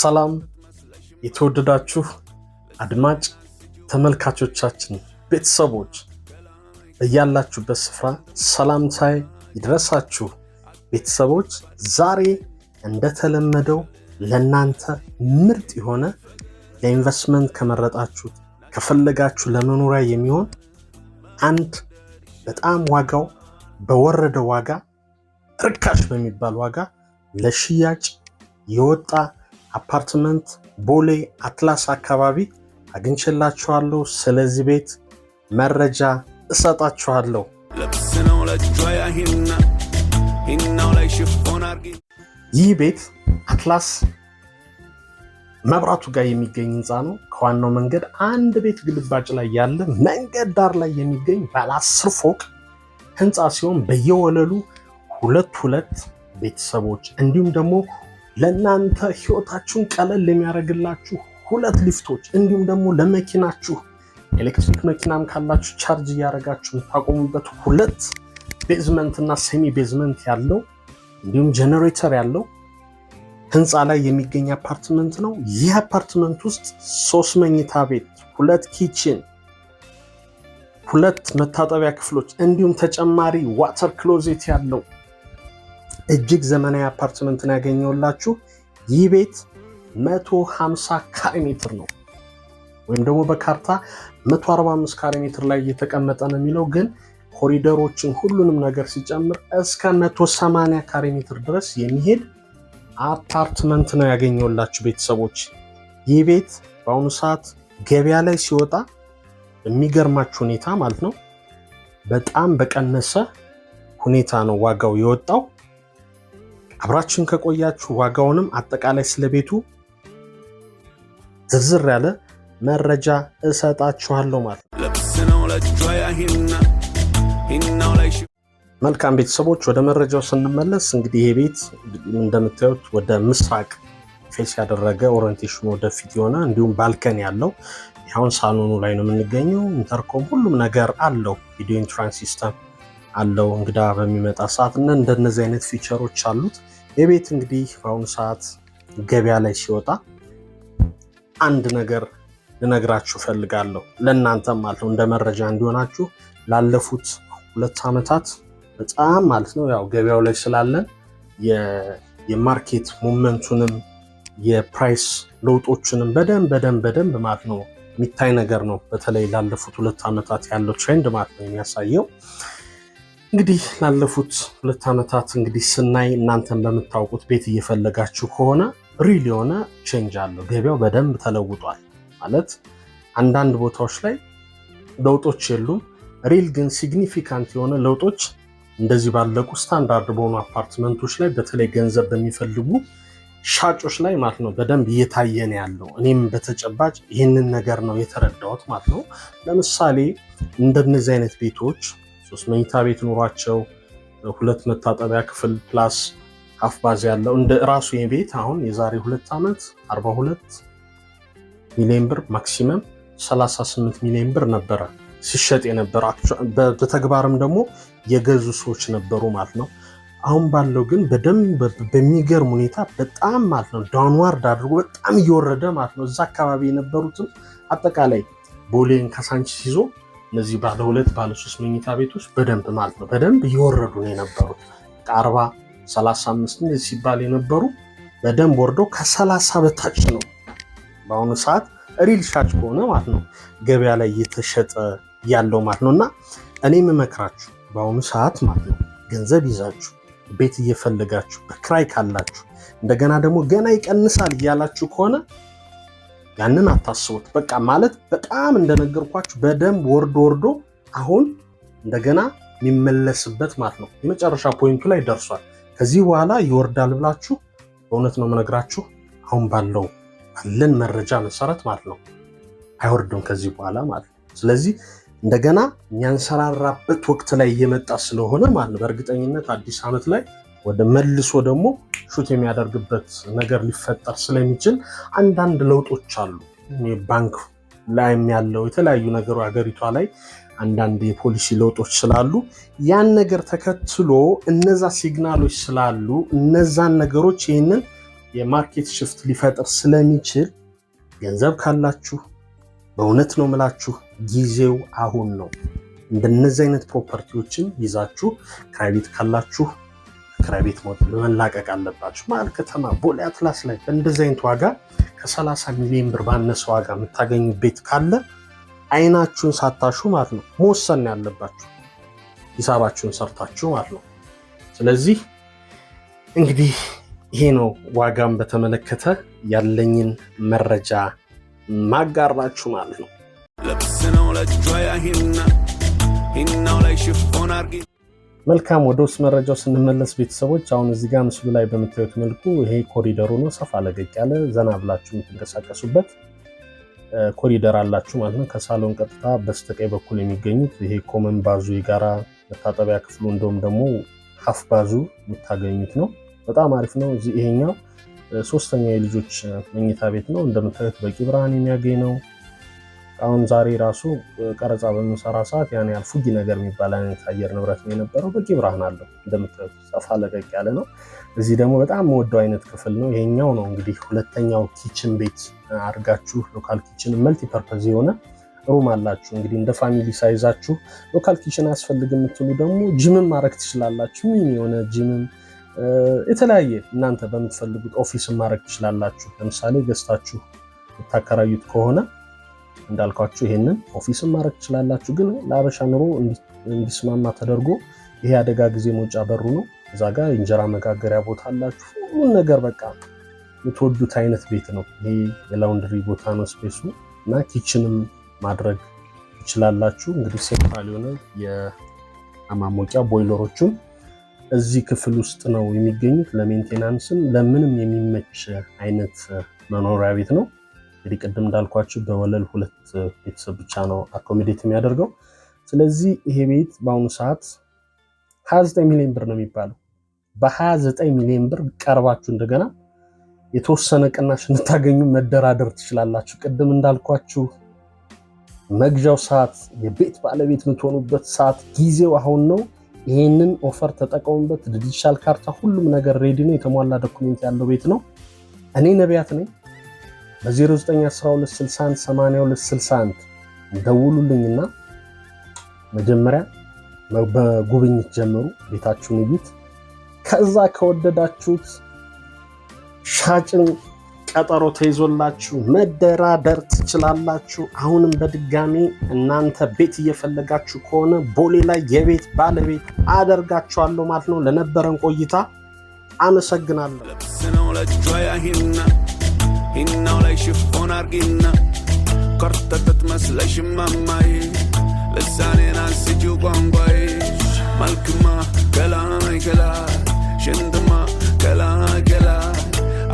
ሰላም የተወደዳችሁ አድማጭ ተመልካቾቻችን ቤተሰቦች በያላችሁበት ስፍራ ሰላምታይ ይድረሳችሁ። ቤተሰቦች ዛሬ እንደተለመደው ለእናንተ ምርጥ የሆነ ለኢንቨስትመንት ከመረጣችሁት ከፈለጋችሁ ለመኖሪያ የሚሆን አንድ በጣም ዋጋው በወረደ ዋጋ ርካሽ በሚባል ዋጋ ለሽያጭ የወጣ አፓርትመንት ቦሌ አትላስ አካባቢ አግኝቼላችኋለሁ። ስለዚህ ቤት መረጃ እሰጣችኋለሁ። ይህ ቤት አትላስ መብራቱ ጋር የሚገኝ ህንፃ ነው። ከዋናው መንገድ አንድ ቤት ግልባጭ ላይ ያለ መንገድ ዳር ላይ የሚገኝ ባለ አስር ፎቅ ህንፃ ሲሆን በየወለሉ ሁለት ሁለት ቤተሰቦች እንዲሁም ደግሞ ለእናንተ ህይወታችሁን ቀለል የሚያደርግላችሁ ሁለት ሊፍቶች እንዲሁም ደግሞ ለመኪናችሁ ኤሌክትሪክ መኪናም ካላችሁ ቻርጅ እያደረጋችሁ የምታቆሙበት ሁለት ቤዝመንት እና ሴሚ ቤዝመንት ያለው እንዲሁም ጀነሬተር ያለው ህንፃ ላይ የሚገኝ አፓርትመንት ነው። ይህ አፓርትመንት ውስጥ ሶስት መኝታ ቤት፣ ሁለት ኪችን፣ ሁለት መታጠቢያ ክፍሎች እንዲሁም ተጨማሪ ዋተር ክሎዜት ያለው እጅግ ዘመናዊ አፓርትመንትን ያገኘውላችሁ ይህ ቤት 150 ካሬ ሜትር ነው ወይም ደግሞ በካርታ 145 ካሬ ሜትር ላይ እየተቀመጠ ነው የሚለው ግን ኮሪደሮችን ሁሉንም ነገር ሲጨምር እስከ 180 ካሬ ሜትር ድረስ የሚሄድ አፓርትመንት ነው ያገኘውላችሁ ቤተሰቦች። ይህ ቤት በአሁኑ ሰዓት ገበያ ላይ ሲወጣ የሚገርማችሁ ሁኔታ ማለት ነው በጣም በቀነሰ ሁኔታ ነው ዋጋው የወጣው። አብራችን ከቆያችሁ ዋጋውንም አጠቃላይ ስለቤቱ ዝርዝር ያለ መረጃ እሰጣችኋለሁ ማለት ነው። መልካም ቤተሰቦች ወደ መረጃው ስንመለስ እንግዲህ ይሄ ቤት እንደምታዩት ወደ ምስራቅ ፌስ ያደረገ ኦሪንቴሽን ወደፊት የሆነ እንዲሁም ባልከን ያለው አሁን ሳሎኑ ላይ ነው የምንገኘው። ኢንተርኮም ሁሉም ነገር አለው። ቪዲዮ ኢንትራንስ ሲስተም አለው። እንግዳ በሚመጣ ሰዓት እና እንደነዚህ አይነት ፊቸሮች አሉት። የቤት እንግዲህ በአሁኑ ሰዓት ገበያ ላይ ሲወጣ አንድ ነገር ልነግራችሁ ፈልጋለሁ፣ ለእናንተም ማለት ነው እንደ መረጃ እንዲሆናችሁ። ላለፉት ሁለት ዓመታት በጣም ማለት ነው ያው ገበያው ላይ ስላለን የማርኬት ሞመንቱንም የፕራይስ ለውጦችንም በደንብ በደንብ በደንብ ማለት ነው የሚታይ ነገር ነው። በተለይ ላለፉት ሁለት ዓመታት ያለው ትሬንድ ማለት ነው የሚያሳየው እንግዲህ ላለፉት ሁለት ዓመታት እንግዲህ ስናይ እናንተን በምታውቁት ቤት እየፈለጋችሁ ከሆነ ሪል የሆነ ቼንጅ አለው። ገበያው በደንብ ተለውጧል። ማለት አንዳንድ ቦታዎች ላይ ለውጦች የሉም። ሪል ግን ሲግኒፊካንት የሆነ ለውጦች እንደዚህ ባለቁ ስታንዳርድ በሆኑ አፓርትመንቶች ላይ በተለይ ገንዘብ በሚፈልጉ ሻጮች ላይ ማለት ነው በደንብ እየታየን ያለው። እኔም በተጨባጭ ይህንን ነገር ነው የተረዳሁት ማለት ነው። ለምሳሌ እንደነዚህ አይነት ቤቶች ሶስት መኝታ ቤት ኑሯቸው ሁለት መታጠቢያ ክፍል ፕላስ ሀፍ ባዝ ያለው እንደ ራሱ የቤት አሁን የዛሬ ሁለት ዓመት 42 ሚሊዮን ብር ማክሲመም 38 ሚሊዮን ብር ነበረ ሲሸጥ የነበረ በተግባርም ደግሞ የገዙ ሰዎች ነበሩ ማለት ነው። አሁን ባለው ግን በደንብ በሚገርም ሁኔታ በጣም ማለት ነው ዳውንዋርድ አድርጎ በጣም እየወረደ ማለት ነው። እዛ አካባቢ የነበሩትም አጠቃላይ ቦሌን ካሳንቺስ ይዞ እነዚህ ባለ ሁለት ባለ ሶስት መኝታ ቤቶች በደንብ ማለት ነው በደንብ እየወረዱ ነው የነበሩት። ከአርባ ሰላሳ አምስት ሲባል የነበሩ በደንብ ወርዶ ከሰላሳ በታች ነው በአሁኑ ሰዓት ሪል ሻጭ ከሆነ ማለት ነው ገበያ ላይ እየተሸጠ ያለው ማለት ነው። እና እኔ የምመክራችሁ በአሁኑ ሰዓት ማለት ነው ገንዘብ ይዛችሁ ቤት እየፈለጋችሁ በክራይ ካላችሁ እንደገና ደግሞ ገና ይቀንሳል እያላችሁ ከሆነ ያንን አታስቡት። በቃ ማለት በጣም እንደነገርኳችሁ በደንብ ወርዶ ወርዶ አሁን እንደገና የሚመለስበት ማለት ነው። የመጨረሻ ፖይንቱ ላይ ደርሷል። ከዚህ በኋላ ይወርዳል ብላችሁ በእውነት ነው የምነግራችሁ አሁን ባለው ባለን መረጃ መሰረት ማለት ነው አይወርድም ከዚህ በኋላ ማለት ነው። ስለዚህ እንደገና የሚያንሰራራበት ወቅት ላይ እየመጣ ስለሆነ ማለት ነው በእርግጠኝነት አዲስ ዓመት ላይ ወደ መልሶ ደግሞ ሹት የሚያደርግበት ነገር ሊፈጠር ስለሚችል አንዳንድ ለውጦች አሉ። ባንክ ላይም ያለው የተለያዩ ነገሩ ሀገሪቷ ላይ አንዳንድ የፖሊሲ ለውጦች ስላሉ ያን ነገር ተከትሎ እነዛ ሲግናሎች ስላሉ እነዛን ነገሮች ይህንን የማርኬት ሽፍት ሊፈጥር ስለሚችል ገንዘብ ካላችሁ በእውነት ነው ምላችሁ ጊዜው አሁን ነው። እንደነዚህ አይነት ፕሮፐርቲዎችን ይዛችሁ ክራይቤት ካላችሁ ክራይ ቤት መላቀቅ አለባቸው። መሀል ከተማ ቦሌ አትላስ ላይ እንደዚህ አይነት ዋጋ ከ30 ሚሊዮን ብር ባነሰ ዋጋ የምታገኙ ቤት ካለ አይናችሁን ሳታሹ ማለት ነው መወሰን ያለባችሁ ሂሳባችሁን ሰርታችሁ ማለት ነው። ስለዚህ እንግዲህ ይሄ ነው ዋጋን በተመለከተ ያለኝን መረጃ ማጋራችሁ ማለት ነው። ነው ሂና ላይ መልካም ወደ ውስጥ መረጃው ስንመለስ ቤተሰቦች አሁን እዚህ ጋር ምስሉ ላይ በምታዩት መልኩ ይሄ ኮሪደር ሆኖ ሰፋ ለገቅ ያለ ዘና ብላችሁ የምትንቀሳቀሱበት ኮሪደር አላችሁ ማለት ነው። ከሳሎን ቀጥታ በስተቀኝ በኩል የሚገኙት ይሄ ኮመን ባዙ የጋራ መታጠቢያ ክፍሉ እንደውም ደግሞ ሀፍ ባዙ የምታገኙት ነው። በጣም አሪፍ ነው። ይሄኛው ሶስተኛ የልጆች መኝታ ቤት ነው። እንደምታዩት በቂ ብርሃን የሚያገኝ ነው። አሁን ዛሬ ራሱ ቀረጻ በምንሰራ ሰዓት ያን ያህል ፉጊ ነገር የሚባል አይነት አየር ንብረት ነው የነበረው። በቂ ብርሃን አለው እንደምታዩት፣ ሰፋ ለቀቅ ያለ ነው። እዚህ ደግሞ በጣም የምወደው አይነት ክፍል ነው ይሄኛው ነው እንግዲህ ሁለተኛው ኪችን ቤት አድርጋችሁ ሎካል ኪችን መልቲፐርፐዝ የሆነ ሩም አላችሁ። እንግዲህ እንደ ፋሚሊ ሳይዛችሁ ሎካል ኪችን አያስፈልግ የምትሉ ደግሞ ጅምም ማድረግ ትችላላችሁ። ሚኒ የሆነ ጅምም የተለያየ እናንተ በምትፈልጉት ኦፊስ ማድረግ ትችላላችሁ። ለምሳሌ ገዝታችሁ የምታከራዩት ከሆነ እንዳልኳችሁ ይሄንን ኦፊስም ማድረግ ትችላላችሁ። ግን ለአበሻ ኑሮ እንዲስማማ ተደርጎ ይሄ አደጋ ጊዜ መውጫ በሩ ነው። እዛ ጋር እንጀራ መጋገሪያ ቦታ አላችሁ። ሁሉን ነገር በቃ የምትወዱት አይነት ቤት ነው። ይሄ የላውንድሪ ቦታ ነው ስፔሱ እና ኪችንም ማድረግ ትችላላችሁ። እንግዲህ ሴንትራል የሆነ የማሞቂያ ቦይለሮችም እዚህ ክፍል ውስጥ ነው የሚገኙት። ለሜንቴናንስም ለምንም የሚመች አይነት መኖሪያ ቤት ነው። እንግዲህ ቅድም እንዳልኳችሁ በወለል ሁለት ቤተሰብ ብቻ ነው አኮሚዴት የሚያደርገው። ስለዚህ ይሄ ቤት በአሁኑ ሰዓት 29 ሚሊዮን ብር ነው የሚባለው። በ29 ሚሊዮን ብር ቀርባችሁ እንደገና የተወሰነ ቅናሽ እንድታገኙ መደራደር ትችላላችሁ። ቅድም እንዳልኳችሁ መግዣው ሰዓት፣ የቤት ባለቤት የምትሆኑበት ሰዓት፣ ጊዜው አሁን ነው። ይህንን ኦፈር ተጠቀሙበት። ዲጂታል ካርታ፣ ሁሉም ነገር ሬዲ ነው። የተሟላ ዶኩሜንት ያለው ቤት ነው። እኔ ነቢያት ነኝ። በ0912618161 ደውሉልኝና መጀመሪያ በጉብኝት ጀምሩ፣ ቤታችሁን እዩት። ከዛ ከወደዳችሁት ሻጭን ቀጠሮ ተይዞላችሁ መደራደር ትችላላችሁ። አሁንም በድጋሚ እናንተ ቤት እየፈለጋችሁ ከሆነ ቦሌ ላይ የቤት ባለቤት አደርጋችኋለሁ ማለት ነው። ለነበረን ቆይታ አመሰግናለሁ። ሂናው ላይ ሽፎን አርጊና ኮርተተት መስለሽ ማማይ ልሳኔን አንስጂው ቋንቋይ መልክማ ገላይ ገላ ሽንትማ ገላ ገላ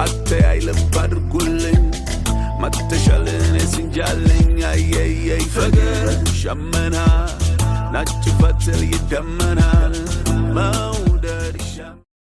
አተያይ ልብ አድርጉልኝ መተሻልን ስንጃለኝ አየየይ ፈገግ ሸመና ናጭ ፈትል ይደመናል